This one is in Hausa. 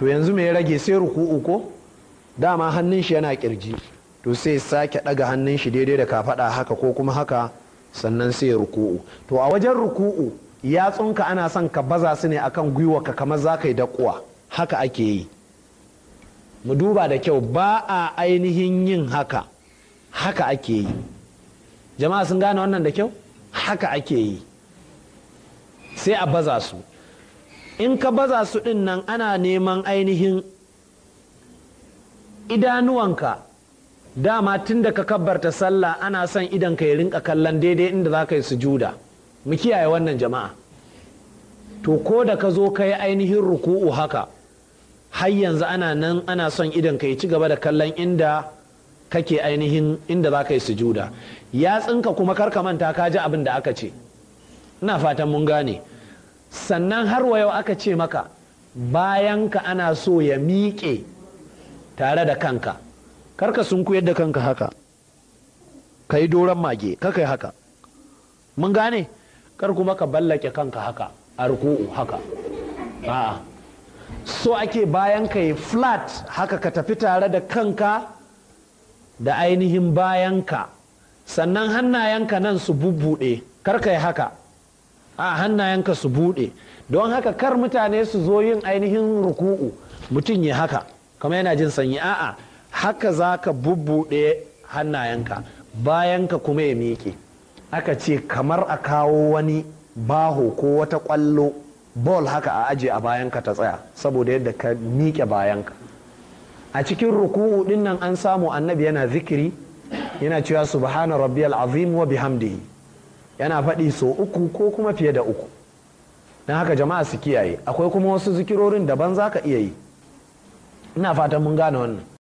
to yanzu mai ya rage sai ruku'u ko dama hannun shi yana kirji to sai sake daga hannun shi daidai da kafada haka ko kuma haka sannan sai ruku'u to a wajen ruku'u yatsunka ana son ka baza su ne akan ka kamar za ka yi dakuwa haka ake yi mu duba da kyau ba a ainihin yin haka haka ake yi jama'a sun gane wannan da kyau haka ake yi sai a baza su in ka baza su ɗin nan ana neman ainihin idanuwanka dama tun da ka kabbarta sallah ana son idan ka rinka kallon daidai inda za ka yi sujuda mu kiyaye wannan jama'a to ko da ka zo ka yi ainihin ruku'u haka har yanzu ana nan ana son idan ka yi ci gaba da kallon inda kake ainihin inda za ka yi sujuda ya tsinka kuma karka manta ka ji abin da aka ce ina fatan mun gane sannan har wa yau aka ce maka bayanka ana so ya miƙe tare da kanka karka sun kuyar da kanka haka ka yi doron mage kakai haka mun gane kar kuma ka ballake kanka haka a ruku'u haka a'a so ake bayan ka yi flat haka ka tafi tare da kanka da ainihin bayan ka sannan hannayenka nan su bubbuɗe kar yi haka a hannayenka su buɗe don haka kar mutane su zo yin ainihin ruku'u mutum ya haka kamar yana jin sanyi a'a haka za ka bubbuɗe hannayenka bayan ka kuma ya miƙe aka ce kamar a kawo wani baho ko wata ƙwallo bol haka a aje a bayanka ta tsaya saboda yadda ka miƙe bayanka a cikin ruku'u ɗin an samu annabi yana zikiri yana cewa subhana rabbiyal azim wa bihamdihi yana faɗi so uku ko kuma fiye da uku don haka jama'a su kiyaye akwai kuma wasu zikirorin daban za ka iya yi ina fatan mun gane wannan